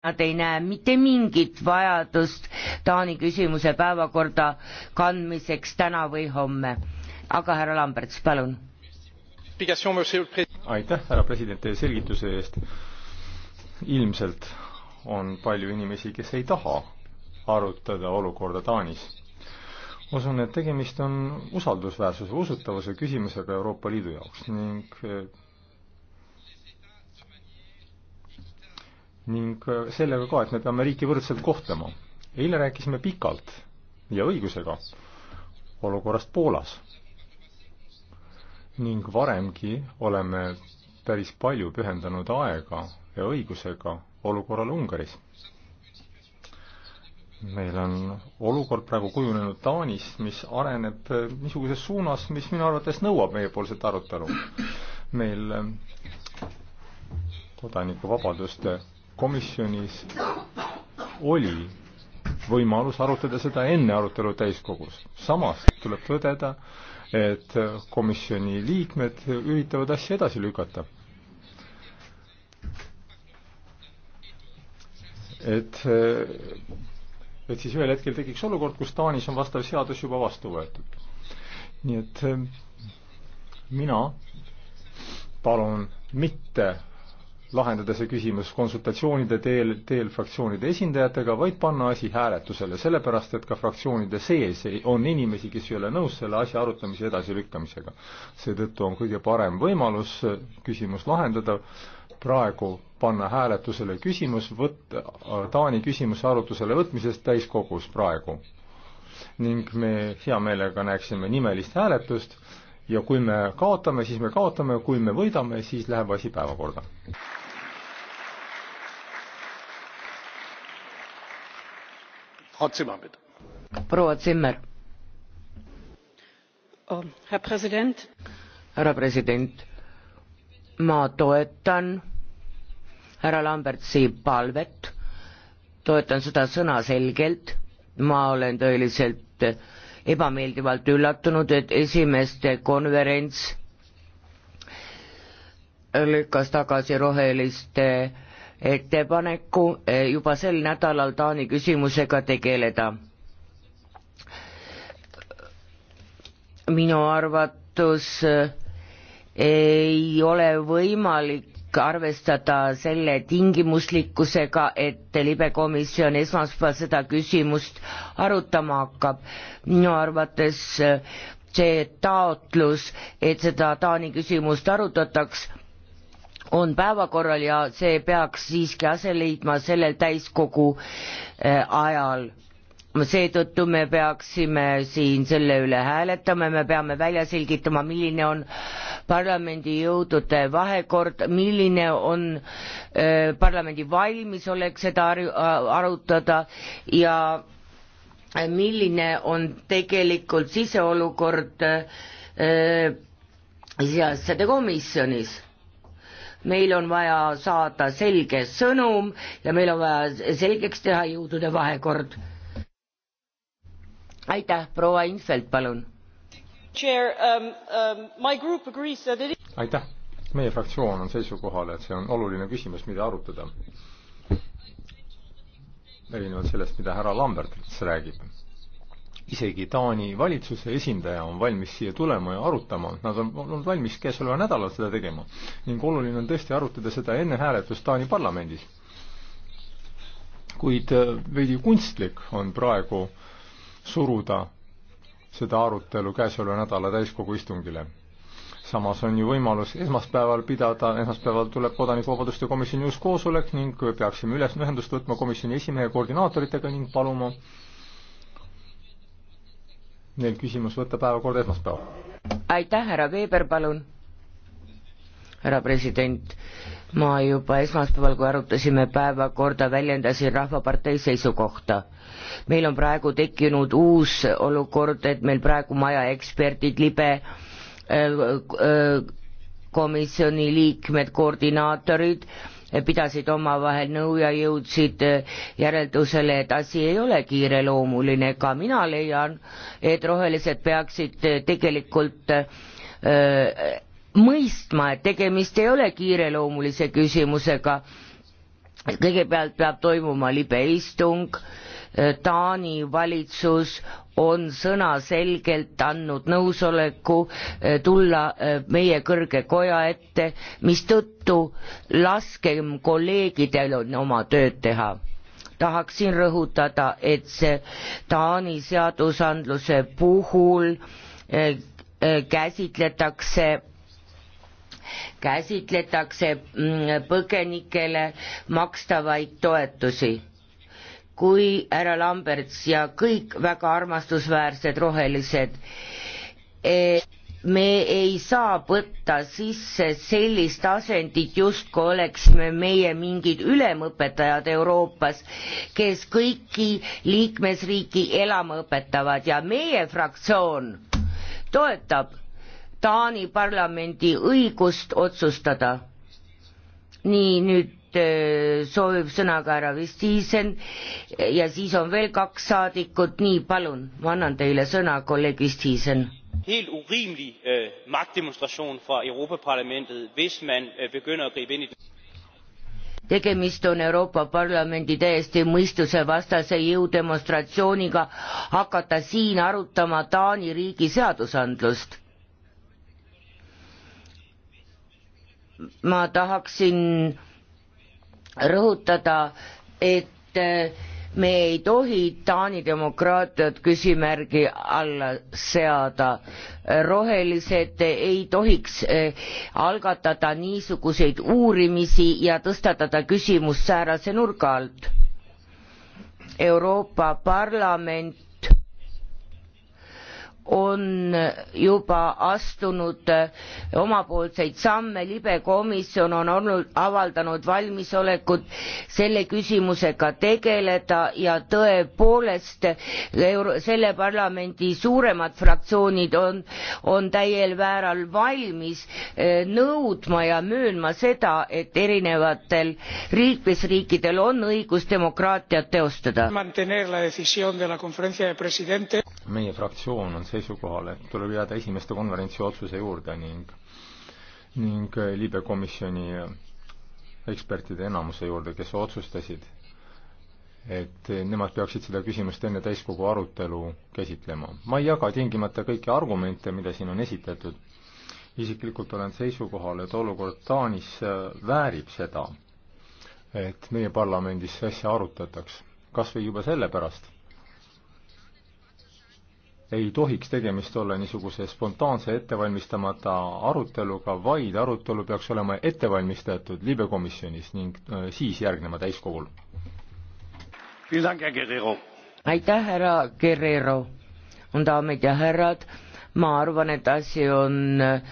Nad ei näe mitte mingit vajadust Taani küsimuse päevakorda kandmiseks täna või homme. aga härra Lamberts, palun. aitäh, härra president, teie selgituse eest. ilmselt on palju inimesi, kes ei taha arutada olukorda Taanis. usun, et tegemist on usaldusväärsuse, usutavuse küsimusega Euroopa Liidu jaoks ning eh, ning äh, sellega ka, et me peame riiki võrdselt kohtlema. eile rääkisime pikalt ja õigusega olukorrast Poolas. ning varemgi oleme päris palju pühendanud aega ja õigusega olukorrale Ungaris. meil on olukord praegu kujunenud Taanis, mis areneb niisuguses äh, suunas, mis minu arvates nõuab meiepoolset arutelu. meil äh, kodanikuvabaduste komisjonis oli võimalus arutada seda enne arutelu täiskogus. samas tuleb tõdeda, et komisjoni liikmed üritavad asja edasi lükata. et, et siis ühel hetkel tekiks olukord, kus Taanis on vastav seadus juba vastu võetud. nii et mina palun mitte lahendada see küsimus konsultatsioonide teel, teel fraktsioonide esindajatega, vaid panna asi hääletusele, sellepärast et ka fraktsioonide sees on inimesi, kes ei ole nõus selle asja arutamise edasilükkamisega. seetõttu on kõige parem võimalus küsimus lahendada praegu panna hääletusele küsimus võtta, Taani küsimuse arutusele võtmisest täiskogus praegu. ning me hea meelega näeksime nimelist hääletust ja kui me kaotame, siis me kaotame, kui me võidame, siis läheb asi päevakorda. Oh, härra president ma toetan härra lambertsi palvet toetan seda sõnaselgelt ma olen tõeliselt ebameeldivalt üllatunud et esimeste konverents lükkas tagasi roheliste ettepaneku eh, juba sel nädalal Taani küsimusega tegeleda. minu arvates eh, ei ole võimalik arvestada selle tingimuslikkusega, et libekomisjon esmaspäeval seda küsimust arutama hakkab. minu arvates eh, see taotlus, et seda Taani küsimust arutataks, on päevakorral ja see peaks siiski ase leidma sellel täiskogu äh, ajal. seetõttu me peaksime siin selle üle hääletama, me peame välja selgitama, milline on parlamendi jõudude vahekord, milline on äh, parlamendi valmisolek seda aru, äh, arutada ja äh, milline on tegelikult siseolukord äh, siseasjade komisjonis meil on vaja saada selge sõnum ja meil on vaja selgeks teha jõudude vahekord. aitäh, proua Infeld, palun. Um, um, aitäh, meie fraktsioon on seisukohal, et see on oluline küsimus, mida arutada. erinevalt sellest, mida härra Lambert räägib isegi Taani valitsuse esindaja on valmis siia tulema ja arutama, nad on olnud valmis käesoleval nädalal seda tegema. ning oluline on tõesti arutada seda enne hääletust Taani parlamendis. kuid äh, veidi kunstlik on praegu suruda seda arutelu käesoleva nädala täiskogu istungile. samas on ju võimalus esmaspäeval pidada, esmaspäeval tuleb Kodanikuvabaduste komisjoni uus koosolek ning peaksime üles, ühendust võtma komisjoni esimehe koordinaatoritega ning paluma neil küsimus võtta päevakorda esmaspäeval. aitäh, härra Veeber, palun. härra president, ma juba esmaspäeval, kui arutasime päevakorda, väljendasin Rahvapartei seisukohta. meil on praegu tekkinud uus olukord, et meil praegu maja eksperdid, libe äh, äh, komisjoni liikmed, koordinaatorid pidasid omavahel nõu ja jõudsid eh, järeldusele, et asi ei ole kiireloomuline, ka mina leian, et rohelised peaksid eh, tegelikult öö, eh, mõistma, et tegemist ei ole kiireloomulise küsimusega kõigepealt peab toimuma libeistung, äh, Taani valitsus on sõnaselgelt andnud nõusoleku äh, tulla äh, meie kõrge koja ette, mistõttu laskem kolleegidel on oma tööd teha. tahaksin rõhutada, et see Taani seadusandluse puhul käsitletakse käsitletakse mm, põgenikele makstavaid toetusi. kui härra Lamberts ja kõik väga armastusväärsed rohelised e, me ei saa võtta sisse sellist asendit, justkui oleksime meie mingid ülemõpetajad Euroopas, kes kõiki liikmesriiki elama õpetavad ja meie fraktsioon toetab Taani parlamendi õigust otsustada. nii, nüüd äh, soovib sõna ka härra Vistisen ja siis on veel kaks saadikut, nii palun, ma annan teile sõna, kolleeg Vistisen. helt urimelig øh, magtdemonstration fra Europaparlamentet, hvis man øh, begynder at gribe ind i tegemist on Euroopa Parlamendi täiesti mõistusevastase jõudemonstratsiooniga hakata siin arutama Taani riigi seadusandlust ma tahaksin rõhutada, et eh, me ei tohi Taani demokraatiat küsimärgi alla seada. rohelised ei tohiks eh, algatada niisuguseid uurimisi ja tõstatada küsimust säärase nurga alt. Euroopa Parlament on juba astunud omapoolseid samme, libe komisjon on olnud, avaldanud valmisolekut selle küsimusega tegeleda ja tõepoolest Euro selle parlamendi suuremad fraktsioonid on, on täiel määral valmis eh, nõudma ja möönma seda, et erinevatel liikmesriikidel on õigus demokraatiat teostada meie fraktsioon on seisukohal, et tuleb jääda esimeste konverentsi otsuse juurde ning ning eh, Liibe komisjoni eh, ekspertide enamuse juurde, kes otsustasid, et eh, nemad peaksid seda küsimust enne täiskogu arutelu käsitlema. ma ei jaga tingimata kõiki argumente, mida siin on esitatud. isiklikult olen seisukohal, et olukord Taanis väärib seda, et meie parlamendis asja arutataks, kas või juba sellepärast ei tohiks tegemist olla niisuguse spontaanse ettevalmistamata aruteluga, vaid arutelu peaks olema ettevalmistatud libekomisjonis ning äh, siis järgnema täiskogul. aitäh, härra Guerrero. daamid ja härrad, ma arvan, et asi on äh,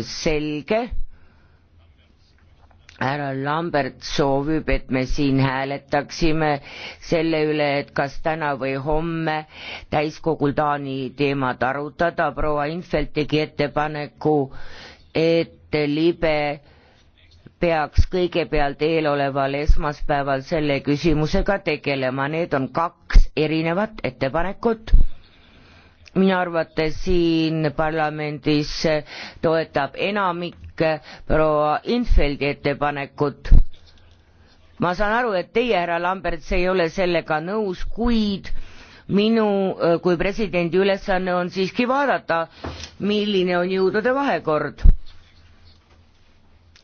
selge härra Lambert soovib, et me siin hääletaksime selle üle, et kas täna või homme täiskogul Taani teemat arutada, proua Infeld tegi ettepaneku, et libe peaks kõigepealt eeloleval esmaspäeval selle küsimusega tegelema, need on kaks erinevat ettepanekut minu arvates siin parlamendis toetab enamik Äh, proua Infeldi ettepanekut. ma saan aru, et teie, härra Lambert, ei ole sellega nõus, kuid minu äh, kui presidendi ülesanne on siiski vaadata, milline on jõudude vahekord.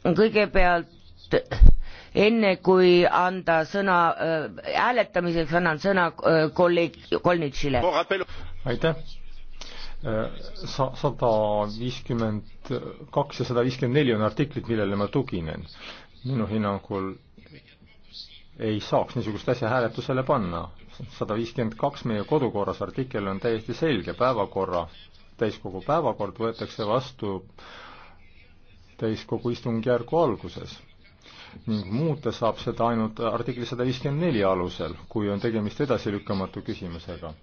kõigepealt enne kui anda sõna äh, hääletamiseks, annan sõna kolleeg Kolnitšile. aitäh, Äh, sada viiskümmend kaks ja sada viiskümmend neli on artiklid, millele ma tuginen. minu hinnangul ei saaks niisugust asja hääletusele panna. sada viiskümmend kaks meie kodukorras artikkel on täiesti selge, päevakorra, täiskogu päevakord võetakse vastu täiskogu istungjärgu alguses ning muuta saab seda ainult artikli sada viiskümmend neli alusel, kui on tegemist edasilükkamatu küsimusega.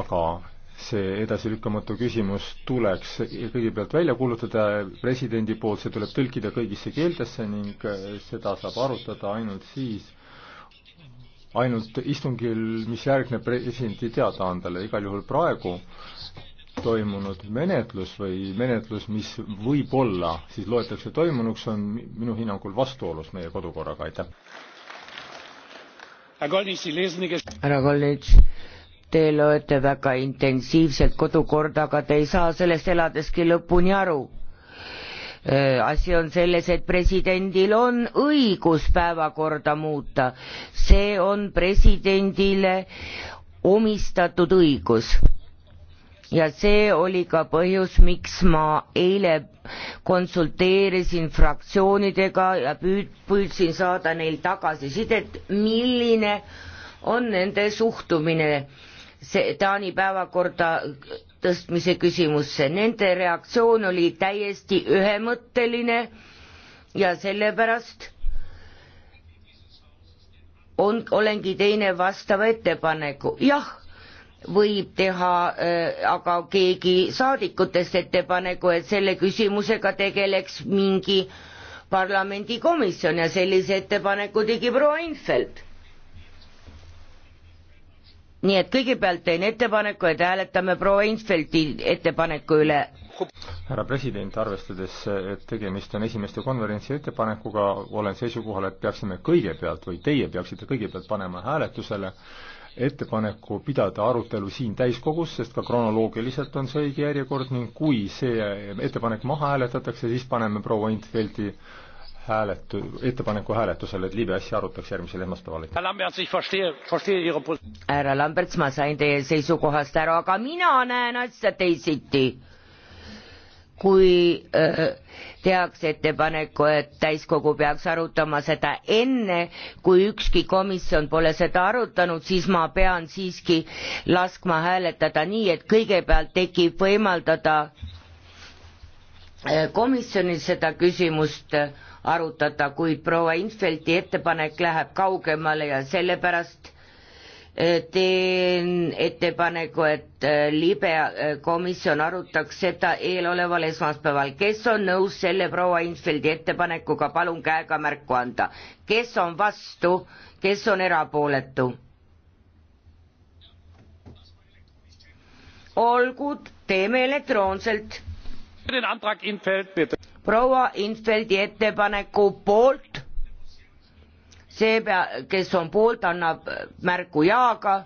aga see edasilükkamatu küsimus tuleks kõigepealt välja kuulutada presidendi poolt, see tuleb tõlkida kõigisse keeltesse ning äh, seda saab arutada ainult siis, ainult istungil, mis järgneb presidendi teadaandele, igal juhul praegu toimunud menetlus või menetlus, mis võib-olla siis loetakse toimunuks, on minu hinnangul vastuolus meie kodukorraga, aitäh. härra Kollitš, Te loete väga intensiivselt kodukorda, aga te ei saa sellest eladeski lõpuni aru äh, asi on selles, et presidendil on õigus päevakorda muuta. see on presidendile omistatud õigus. ja see oli ka põhjus, miks ma eile konsulteerisin fraktsioonidega ja püüd-, püüdsin saada neilt tagasisidet, milline on nende suhtumine see Taani päevakorda tõstmise küsimusse. Nende reaktsioon oli täiesti ühemõtteline ja sellepärast on, olengi teine vastava ettepaneku. jah, võib teha äh, aga keegi saadikutest ettepaneku, et selle küsimusega tegeleks mingi parlamendikomisjon ja sellise ettepaneku tegi proua Infeld nii et kõigepealt teen ettepaneku, et hääletame proua Infeldti ettepaneku üle. härra president, arvestades, et tegemist on esimeste konverentsi ettepanekuga, olen seisukohal, et peaksime kõigepealt või teie peaksite kõigepealt panema hääletusele ettepaneku pidada arutelu siin täiskogus, sest ka kronoloogiliselt on see õige järjekord ning kui see ettepanek maha hääletatakse, siis paneme proua Intveldi hääletu, ettepaneku hääletusele, et Liibüa asja arutaks järgmisel esmaspäeval. härra Lamberts, ma sain teie seisukohast ära, aga mina näen asja teisiti. kui äh, tehakse ettepaneku, et täiskogu peaks arutama seda enne, kui ükski komisjon pole seda arutanud, siis ma pean siiski laskma hääletada nii, et kõigepealt tekib võimaldada äh, komisjonil seda küsimust arutada, kuid proua Infeldti ettepanek läheb kaugemale ja sellepärast eh, teen ettepaneku, et eh, libe eh, komisjon arutaks seda eeloleval esmaspäeval. kes on nõus selle proua Infeldi ettepanekuga, palun käega märku anda. kes on vastu, kes on erapooletu? olgu, teeme elektroonselt proua Infeldi ettepaneku poolt, see pea, kes on poolt, annab märku jaaga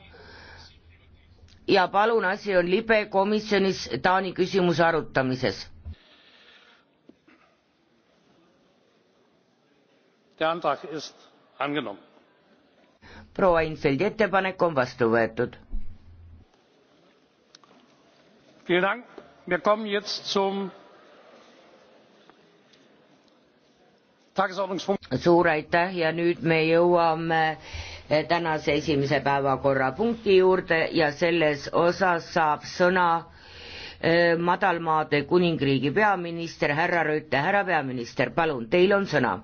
ja palun, asi on libe komisjonis Taani küsimuse arutamises. proua Infeldi ettepanek on vastu võetud vielen dank. wir kommen jetzt zum suur aitäh ja nüüd me jõuame eh, tänase esimese päevakorrapunkti juurde ja selles osas saab sõna eh, madalmaade kuningriigi peaminister härra Rüütel, härra peaminister, palun, teil on sõna